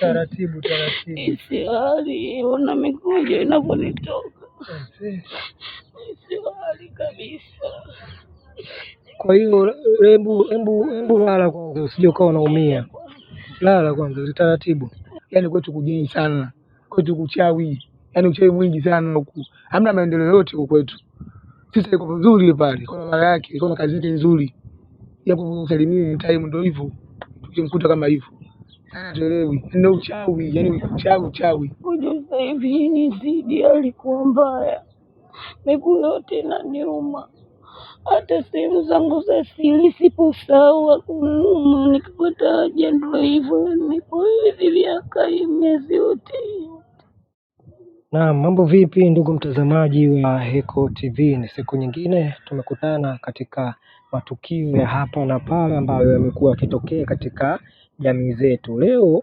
Taratibu taratibu, Isiwali, ona mikojo inavyonitoka, aisee. isiwali kabisa. Kwa hiyo embu embu embu lala kwanza, usije ukawa unaumia. Lala kwanza taratibu. Yani kwetu kujini sana, kwetu kuchawi, yani uchawi mwingi sana huku, hamna maendeleo yote huku kwetu. Sisi iko vizuri pale, kuna mara yake, kuna kazi yake nzuri, japo usalimie time, ndio hivyo tukimkuta kama hivyo. Hatuelewi. Ndio uchawi, yani uchawi uchawi. Sasa hivi zidi, alikuwa mbaya. Miguu yote na inaniuma. Hata sehemu zangu za siri sawa, kunuma nikapata haja ndio hivyo, nipo hivi miaka miezi yote. Na mambo vipi, ndugu mtazamaji wa Heko TV, ni siku nyingine tumekutana katika matukio ya hapa na pale ambayo yamekuwa yakitokea katika jamii zetu. Leo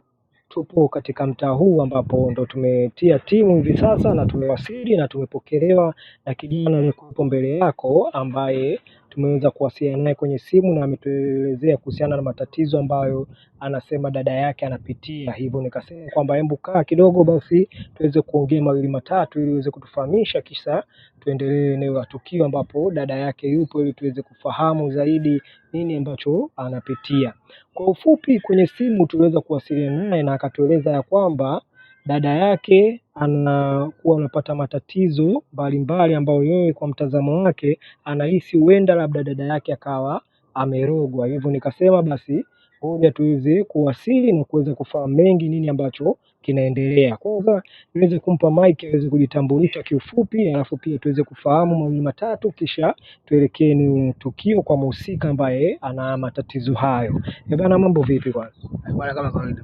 tupo katika mtaa huu ambapo ndo tumetia timu hivi sasa na tumewasili na tumepokelewa na kijana aliyekuwepo mbele yako ambaye tumeweza kuwasiliana naye kwenye simu na ametuelezea kuhusiana na matatizo ambayo anasema dada yake anapitia. Hivyo nikasema kwamba hebu kaa kidogo, basi tuweze kuongea mawili matatu, ili uweze kutufahamisha, kisha tuendelee eneo la tukio ambapo dada yake yupo, ili tuweze kufahamu zaidi nini ambacho anapitia. Kwa ufupi, kwenye simu tuliweza kuwasiliana naye na akatueleza ya kwamba dada yake anakuwa anapata matatizo mbalimbali ambayo yeye kwa mtazamo wake anahisi huenda labda dada yake akawa amerogwa. Hivyo nikasema basi ngoja tuweze kuwasili na kuweza kufahamu mengi nini ambacho kinaendelea. Kwanza niweze kumpa mic aweze kujitambulisha kiufupi, alafu pia tuweze kufahamu mawili matatu, kisha tuelekee ni tukio kwa mhusika ambaye ana matatizo hayo. Eh bana, mambo vipi? Kwanza bwana, kama kawaida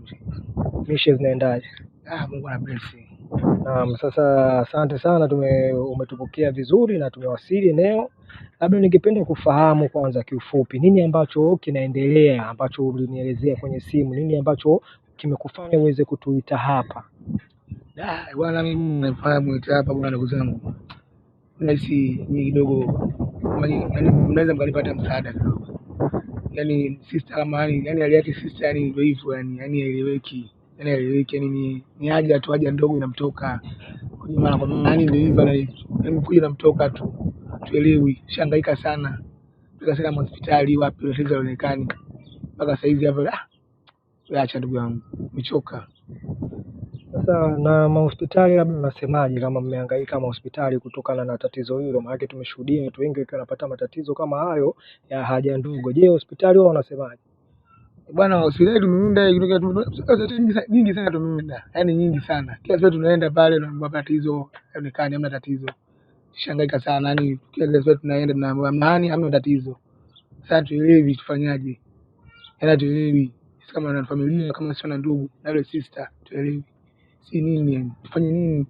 mishe zinaendaje? Ah, Mungu ana anabariki. Naam, sasa asante sana tume, umetupokea vizuri na tumewasili eneo. Labda ningependa kufahamu kwanza kiufupi nini ambacho kinaendelea ambacho ulinielezea kwenye simu, nini ambacho kimekufanya uweze kutuita hapa? Ah, bwana mimi nimefanya mwita hapa bwana, ndugu zangu. Nahisi ni kidogo mnaweza mkanipata msaada kidogo. Yaani sister kama yaani, yaani hali yake sister yaani ndio hivyo yaani yaani haieleweki yanaeleweke, yani ni, ni haja tu, haja ndogo inamtoka mara kwa mara, yani niliva na nimekuja yaani inamtoka tu, tuelewi, shangaika sana mpaka sana hospitali wapi tatizo lionekani mpaka saizi hapo. Ah, acha ndugu yangu, michoka sasa. Na mahospitali labda mnasemaje, kama mmehangaika mahospitali kutokana na tatizo hilo? maana tumeshuhudia watu wengi wakiwa wanapata matatizo kama hayo ya haja ndogo. Je, hospitali wao wanasemaje? bwana, hospitali tumeunda nyingi sana, tumeunda yani nyingi sana. Kila siku tunaenda pale, tunaambiwa tatizo onekani, hamna tatizo. Shangaika sana yani, kila siku tunaenda tunaambiwa amani, hamna tatizo. Sasa tuelewi tufanyaje? Yaani tuelewi sisi kama na familia, kama sisi na ndugu na ile sister, tuelewi si nini yani, tufanye nini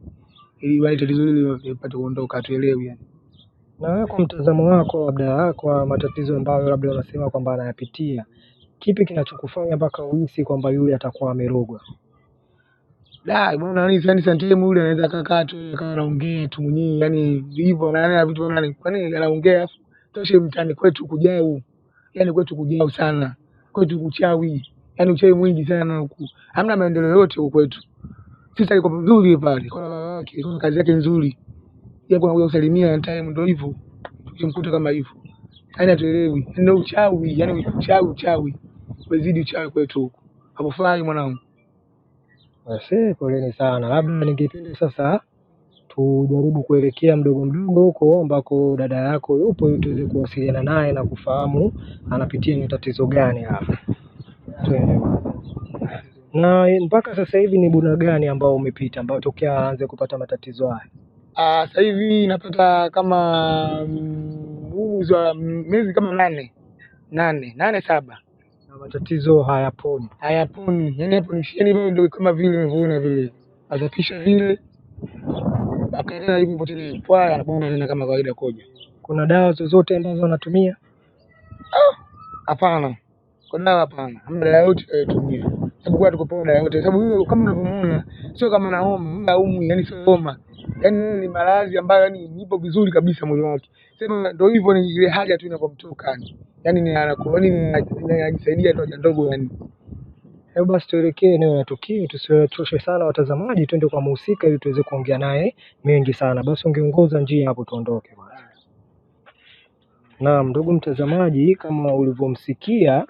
ili wale tatizo lile lipate kuondoka, tuelewi yani. Na wewe kwa mtazamo wako, labda kwa matatizo ambayo labda unasema kwamba anayapitia Kipi kinachokufanya mpaka uhisi kwamba yule atakuwa amerogwa? Da, bwana yani yani Santemu yule anaweza kakaa tu kama anaongea tu mwenyewe yani hivyo na yani vitu bwana nini anaongea afu toshe mtani kwetu kujau. Yani kwetu kujau sana. Kwetu kuchawi. Yani uchawi mwingi sana huku. Hamna maendeleo yote huku kwetu. Sisi alikuwa mzuri pale. Kwa baba yake, kwa kazi yake nzuri. Yeye kwa kuja kusalimia na time ndio hivyo. Tukimkuta kama hivyo. Yani atuelewi. Ndio uchawi, yani uchawi uchawi umezidi uchawi kwetu huku. Hapo fulani mwanangu. Basi poleni sana. Labda mm. ningependa sasa tujaribu kuelekea mdogo mdogo huko ambako dada yako yupo ili tuweze kuwasiliana naye na kufahamu anapitia ni tatizo gani hapa. Na mpaka sasa hivi ni buna gani ambao umepita ambao tokea aanze kupata matatizo haya? Ah, sasa hivi napata kama huu mm, wa miezi kama nane nane nane saba na matatizo hayaponi, hayaponi yani haponisheni bado, yaani ndio kama vile umevuna vile, atapisha vile akaenda alipopotelea kwa anapona tena kama kawaida. Koja, kuna dawa zozote ambazo anatumia? Ah, hapana, kuna dawa hapana, hamna dawa yote anayotumia, sababu kwa tukopona dawa yote, sababu kama unavyomuona sio kama na homa, homa yani sio homa yani ni maradhi ambayo yani nipo vizuri kabisa mwili wake, sema ndio hivyo, ni ile haja tu inapomtoka yani ninajisaidia yaani tu haja ndogo yani. Hebu basi tuelekee eneo la tukio, tusiwachoshe sana watazamaji, twende kwa mhusika ili tuweze kuongea naye mengi sana. Basi ungeongoza njia hapo, tuondoke basi. Naam, ndugu mtazamaji, kama ulivyomsikia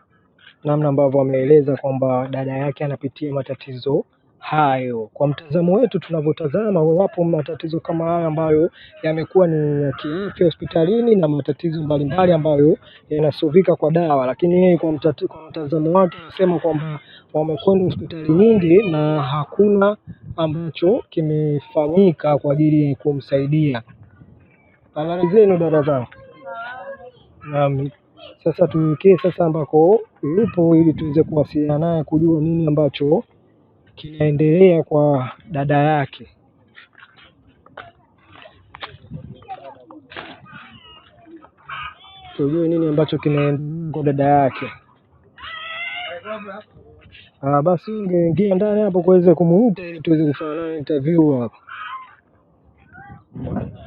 namna ambavyo ameeleza kwamba dada yake anapitia matatizo hayo. Kwa mtazamo wetu tunavyotazama, wapo matatizo kama hayo ambayo yamekuwa ni ya kiafya hospitalini na matatizo mbalimbali ambayo yanasuvika kwa dawa, lakini yeye kwa mtazamo wake anasema kwamba wamekwenda hospitali nyingi na hakuna ambacho kimefanyika kwa ajili ya kumsaidia. Habari zenu dada zangu. Naam, sasa tuwekee sasa ambako yupo ili tuweze kuwasiliana naye kujua nini ambacho kinaendelea kwa dada yake. Tujue nini ambacho kinaendelea kwa dada yake. Ah, basi ungeingia ndani hapo kuweza kumuita ili tuweze kufanya naye interview hapo.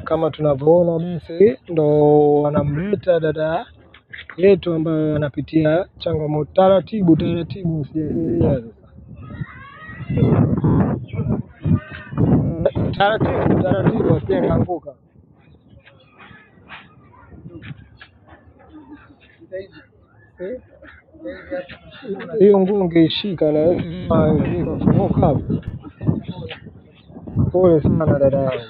Kama tunavyoona basi ndo wanamleta dada yetu ambayo anapitia changamoto taratibu taratibu, sijaelewa Taratibu taratibu, asiyekanguka. Hiyo nguu ngeishika, lazima funguka hapo. Pole sana dada yangu.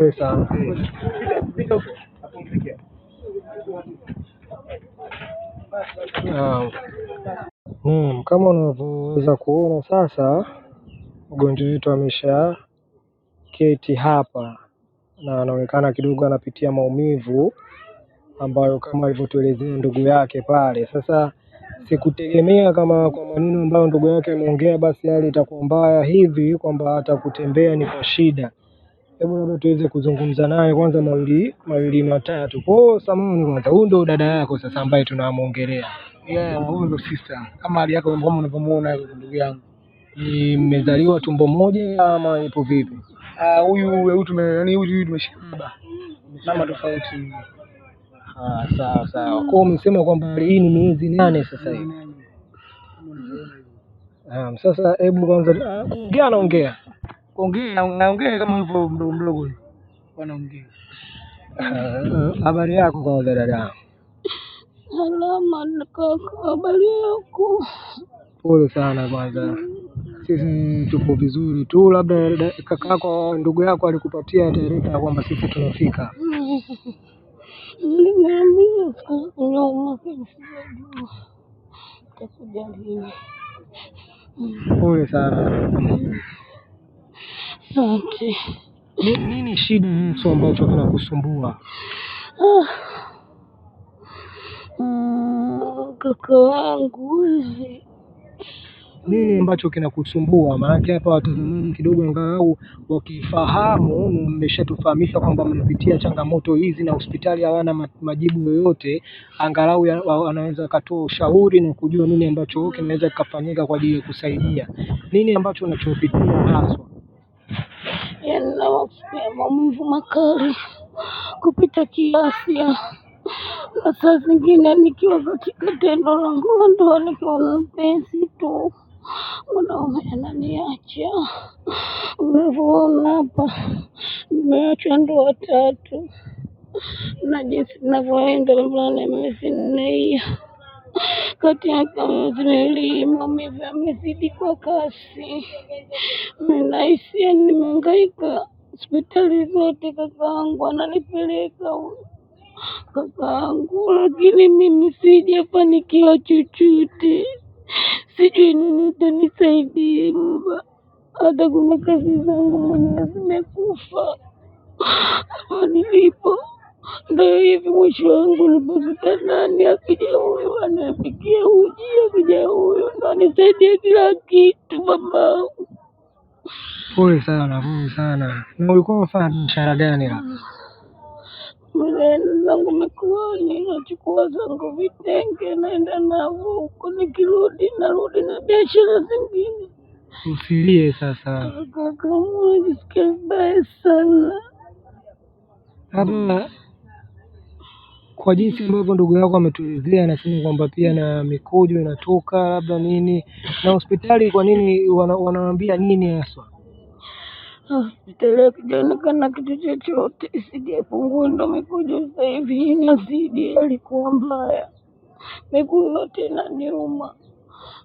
Pole sana. Hmm, kama unavyoweza kuona sasa, mgonjwa wetu ameshaketi hapa na anaonekana kidogo anapitia maumivu ambayo kama alivyotuelezea ndugu yake pale. Sasa sikutegemea kama kwa maneno ambayo ndugu yake ameongea, basi hali itakuwa mbaya hivi kwamba hata kutembea ni kwa shida hebu labda tuweze kuzungumza naye kwanza mawili mawili matatu. Kwa samani kwanza, huyu ndo dada yako sasa ambaye tunamuongelea. Yeah, huyu ndo sister. Kama hali yako kama unavyomuona ndugu yangu. Ni mmezaliwa tumbo moja ama ipo vipi? Ah, huyu huyu tume yani huyu huyu tumeshika tumeshikana. Mm. Mama tofauti. Ah, sawa sawa. Kwa umesema kwamba hii ni miezi nane sasa hivi. Um, sasa hebu kwanza ah, ongea naongea Ongea, naongea kama hivyo mdogo mdogo huyo. Wanaongea. Eh, habari yako kwa dada? Salama kaka, habari yako? Pole sana kwanza. Sisi tupo vizuri tu, labda kaka ndugu yako alikupatia taarifa kwamba sisi tunafika. Pole sana. Asante. Ni nini shida mtu ambacho kinakusumbua? Ah. Mm, kaka wangu hivi nini ambacho kinakusumbua? Maanake hapa watazamaji kidogo, angalau wakifahamu, mmeshatufahamisha kwamba mnapitia changamoto hizi na hospitali hawana majibu yoyote, angalau wanaweza wakatoa ushauri na kujua nini ambacho kinaweza kikafanyika kwa ajili ya kusaidia. Nini ambacho unachopitia haswa? ninawasikia maumivu makali kupita kiasi, na saa zingine nikiwa katika tendo la ndoa nikiwa na mpenzi tu mwanaume ananiacha. Unavyoona hapa, nimeachwa ndoa tatu na jinsi ninavyoenda, labda na miezi nne hiyo kati ya Israeli maumivu yamezidi kwa kasi. Ninahisi yaani hospitali zote, kakaangu ananipeleka kakaangu, lakini mimi sijafanikiwa chochote. Sijui nini tanisaidie mba, hata kuna kazi zangu mwenyewe zimekufa hapa nilipo ndio hivi mwisho wangu ulipofika. Nani akija huyu anapikia uji, akija huyu ndo anisaidia kila kitu babangu. Pole sana, pole sana. Na ulikuwa unafanya mshahara gani? la mnaenda zangu mikoani, nachukua zangu vitenge, naenda navo huko, nikirudi narudi na biashara zingine. Usilie sasa kaka, najisikia vibaya sana labda kwa jinsi ambavyo ndugu yako ametuelezea, anasema kwamba pia na mikojo inatoka labda nini, na hospitali kwa nini wana, nini haswa? Hospitali ah, akijaonekana kitu chochote, sijapungua ndo mikojo sasa hivi inazidi, alikuwa mbaya, miguu yote inaniuma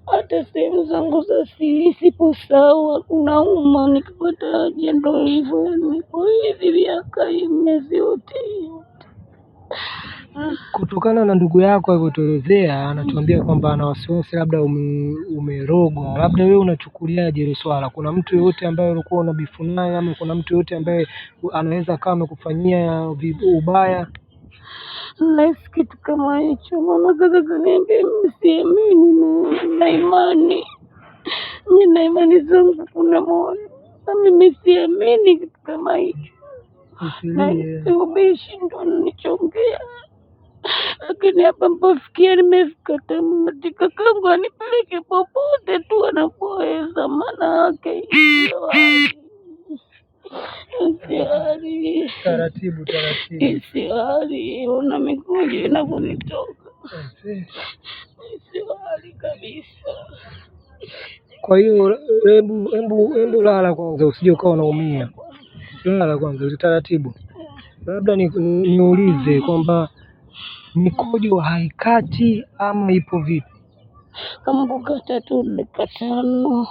hata sehemu zangu za siri sipo sawa, kunauma. Nikipata haja ndo hivyo, niko hivi miaka hii, miezi yote hiyo Kutokana na ndugu yako alivyotuelezea, anatuambia kwamba ana wasiwasi labda ume- umerogwa. Labda wewe unachukuliaje hilo swala? Kuna mtu yoyote ambaye ulikuwa unabifu naye, ama kuna mtu yoyote ambaye anaweza kama amekufanyia ubaya? Nahisi kitu kama hicho mama. Sasa kaniambia mimi siamini, na- nina imani, nina imani zangu, kuna moyo na mimi siamini kitu kama hicho, ubishi ndo nichongea lakini hapa mpofikia nimefika mati kakangu anipeleke popote tu anapoweza, maana yake isiari Taratibu taratibu. isiari, una mikuja inavyonitoka isiari kabisa. Kwa hiyo embu hebu hebu lala kwanza, usije ukawa unaumia. Lala kwanza taratibu, labda ni- niulize kwamba ni kodi wa haikati ama ipo vipi? Kama kukata tu dakika tano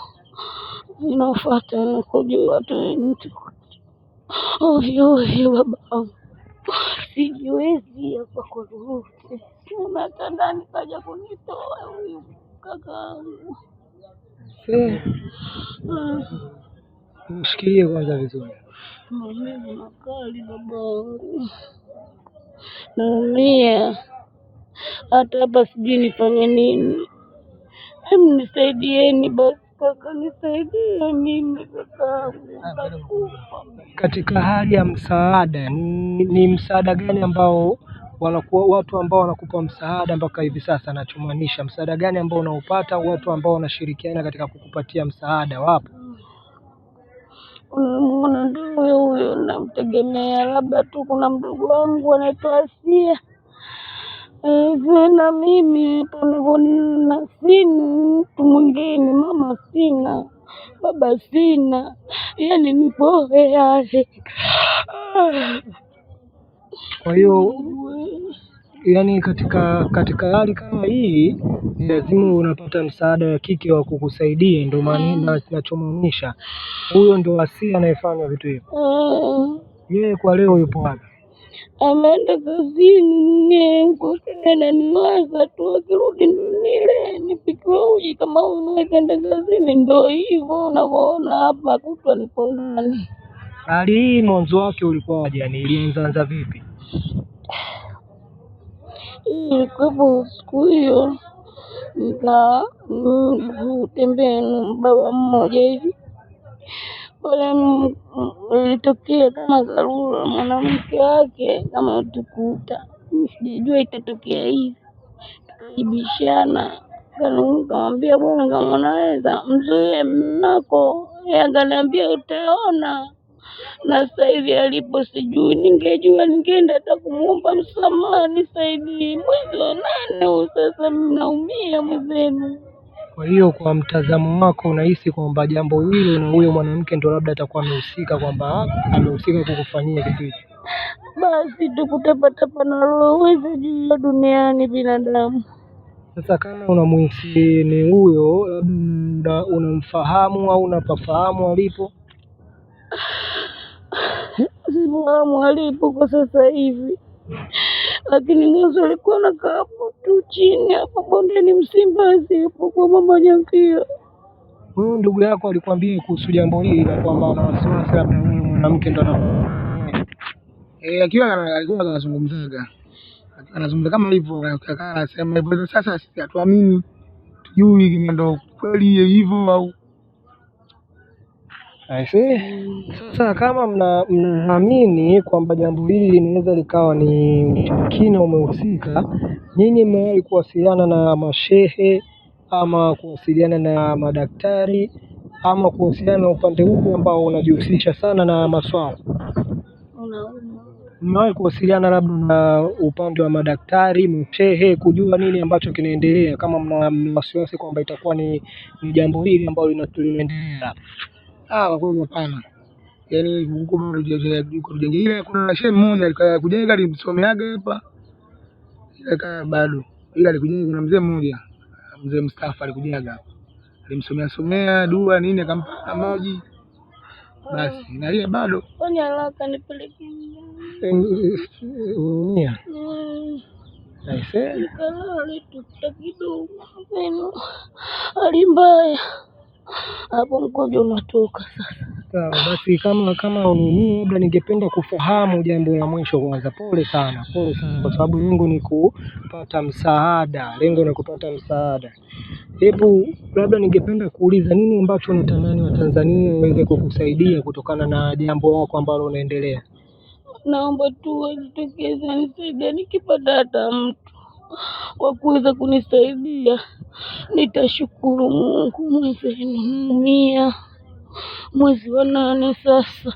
inafuata na kodi watu mtu ovyo ovyo, baba sijiwezi hapa kwa lolote, hata ndani kaja kunitoa huyu kakaangu. Mshikilie kwanza vizuri, maumivu makali babangu. Naumia hata hapa, sijui nifanye nini. Hebu nisaidieni basi kaka, nisaidie mimi kaka. Ah, katika hali ya msaada, ni, ni msaada gani ambao wanakuwa watu ambao wanakupa msaada mpaka hivi sasa? Nachomaanisha msaada gani ambao unaupata, watu ambao wanashirikiana katika kukupatia msaada wapo? Unamwona ndugu huyo, namtegemea labda tu kuna mdogo wangu anaitwa Asia na mimi panavona sina mtu mwingine, mama sina, baba sina, yani nipo peke Kwa hiyo yani katika katika hali kama hii ni lazima unapata msaada wa kike wa kukusaidia, ndio maana nachomaanisha huyo ndo asili anayefanya vitu hivyo. Mm-hmm. Yeye kwa leo yupo wapi? Ameenda kazini, naniwaza tu akirudi nile nipikiwa uji kama unawekaenda kazini. Ndo hivyo unavyoona hapa kutwa niko nani. Hali hii mwanzo wake ulikuwaje? Yani ilianzaanza vipi? hii ilikuwepo siku hiyo, na kutembea na baba mmoja hivi pale, ilitokea kama dharura, mwanamke wake kama tukuta, sijajua itatokea hivi, tukaibishana Nikamwambia bwana, kama unaweza mzuie mnako, yeye utaona na sasa hivi alipo sijui. Ningejua ningeenda hata kumuomba msamaha, nisaidie. Mwezi wa nane huu sasa mnaumia mwenzenu. Kwa hiyo kwa mtazamo wako unahisi kwamba jambo hilo na huyo mwanamke ndo labda atakuwa amehusika, kwamba amehusika kukufanyia kitu hicho? Basi tukutapata roho, juu ya duniani binadamu. Sasa kama unamuhisi ni huyo, labda unamfahamu au unapafahamu alipo? simfahamu alipo kwa sasa hivi, lakini mwanzo alikuwa na hapo tu chini hapo bondeni Msimbazi hapo kwa mama Nyampia. Huyu ndugu yako alikwambia kuhusu jambo hili na kwamba ana wasiwasi labda huyu mwanamke ndo eh, akiwa alikuwa anazungumzaga anazungumza kama hivyo, akakaa anasema hivyo. Sasa sisi hatuamini, tujui ndo kweli hivyo au Aise. Eh, sasa kama mnaamini mna kwamba jambo hili linaweza likawa ni kina umehusika, nyinyi mmewahi kuwasiliana na mashehe ama kuwasiliana na madaktari ama kuhusiana na upande huu ambao unajihusisha sana na maswala, mmewahi kuwasiliana labda na upande wa madaktari, mashehe kujua nini ambacho kinaendelea, kama mna wasiwasi kwamba itakuwa ni, ni jambo hili ambalo linaendelea Ah, kwa kweli hapana. Yaani Bukoba tulijenga ile kuna shehe mmoja alikaa kujenga alimsomeaga hapa. Ila bado. Ila alikujenga kuna mzee mmoja. Mzee Mustafa alikujenga hapa. Alimsomea somea dua nini akampa maji. Basi na ile bado. Kwani Allah kanipelekea mia. Aise. Nikalala tu kidogo. Alimba hapo mkojo unatoka sasa. Sawa basi, kama kama unini, labda ningependa kufahamu jambo la mwisho kwanza. Pole sana, pole sana, kwa sababu lengo ni kupata msaada, lengo ni kupata msaada. Hebu labda ningependa kuuliza nini ambacho unatamani Watanzania waweze kukusaidia kutokana na jambo lako ambalo unaendelea? Naomba tu wajitokeze nisaidia nikipata hata mtu kwa kuweza kunisaidia. Nitashukuru Mungu. mwezi naumia, mwezi wa nane sasa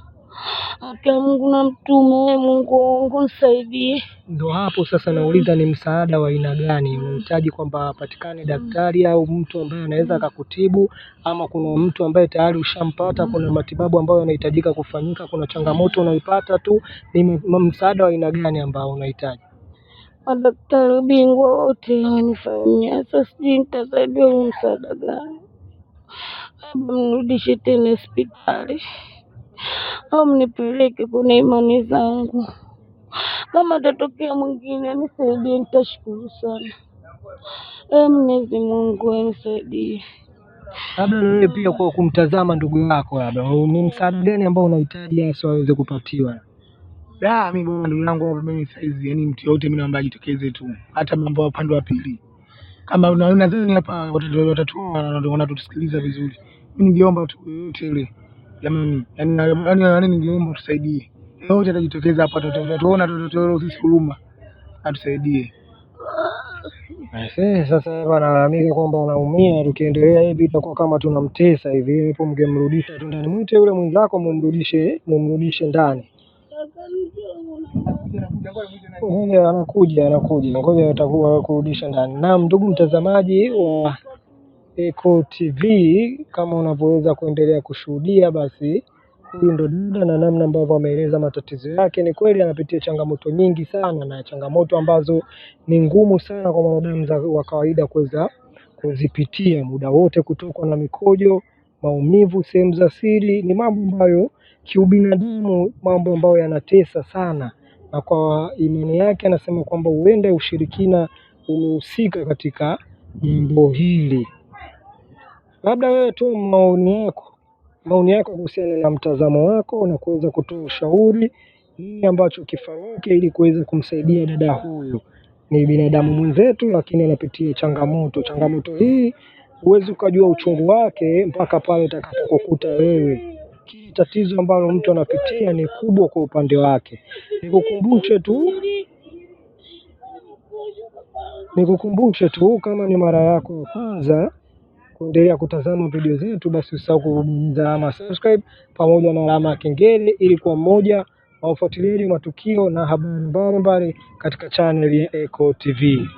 aka Mungu na mtume Mungu wangu nisaidie. Ndo hapo sasa nauliza ni msaada wa aina gani unahitaji, kwamba apatikane daktari au mtu ambaye anaweza akakutibu, ama kuna mtu ambaye tayari ushampata, kuna matibabu ambayo yanahitajika kufanyika, kuna changamoto unaipata tu, ni msaada wa aina gani ambao unahitaji? Madaktari bingwa wote wamenifanyia. Sasa sijui nitasaidia huu msaada gani, labda mnirudishe tena hospitali au mnipeleke kuna imani zangu. Kama atatokea mwingine nisaidie, nitashukuru sana. Ee Mwenyezi Mungu anisaidie. Labda na wewe pia, kwa kumtazama ndugu yako, labda ni msaada gani ambao unahitaji hasa waweze kupatiwa? Da, mimi bwana, ndugu yangu hapa, mimi size yani mtu yote mimi naomba ajitokeze tu, hata mambo ya upande wa pili. Kama unaona nadhani hapa watu watatu wanatusikiliza vizuri, mimi ningeomba tu yote ile jamani, yani yani yani, ningeomba tusaidie, yote atajitokeza hapa, tutaona tutoe sisi huruma, atusaidie. Ase, sasa wanalalamika kwamba wanaumia. Tukiendelea hivi itakuwa kama tunamtesa hivi, hapo mgemrudisha tu ndani, mwite yule mwenzako mumrudishe, mumrudishe ndani Anakuja, anakuja, ngoja atakuwa kurudisha ndani. Naam, ndugu mtazamaji wa Eko TV, kama unavyoweza kuendelea kushuhudia, basi huyu ndo dada na namna ambavyo ameeleza matatizo yake. Ni kweli anapitia changamoto nyingi sana, na changamoto ambazo ni ngumu sana kwa mwanadamu wa kawaida kuweza kuzipitia muda wote, kutokwa na mikojo, maumivu sehemu za siri, ni mambo ambayo kiubinadamu, mambo ambayo yanatesa sana. Na kwa imani yake anasema kwamba huenda ushirikina umehusika katika jambo hili. Labda wewe tu maoni yako maoni yako kuhusiana na mtazamo wako na kuweza kutoa ushauri, nini ambacho kifanyike ili kuweza kumsaidia dada huyu. Ni binadamu mwenzetu, lakini anapitia changamoto. Changamoto hii huwezi ukajua uchungu wake mpaka pale utakapokukuta wewe. Nafikiri tatizo ambalo mtu anapitia ni kubwa kwa upande wake. Nikukumbushe tu nikukumbushe tu, kama ni mara yako ya kwanza kuendelea kutazama video zetu, basi kubonyeza alama subscribe pamoja na alama ya kengele ili kwa mmoja wa ufuatiliaji wa matukio na habari mbalimbali katika chaneli ya Eko TV.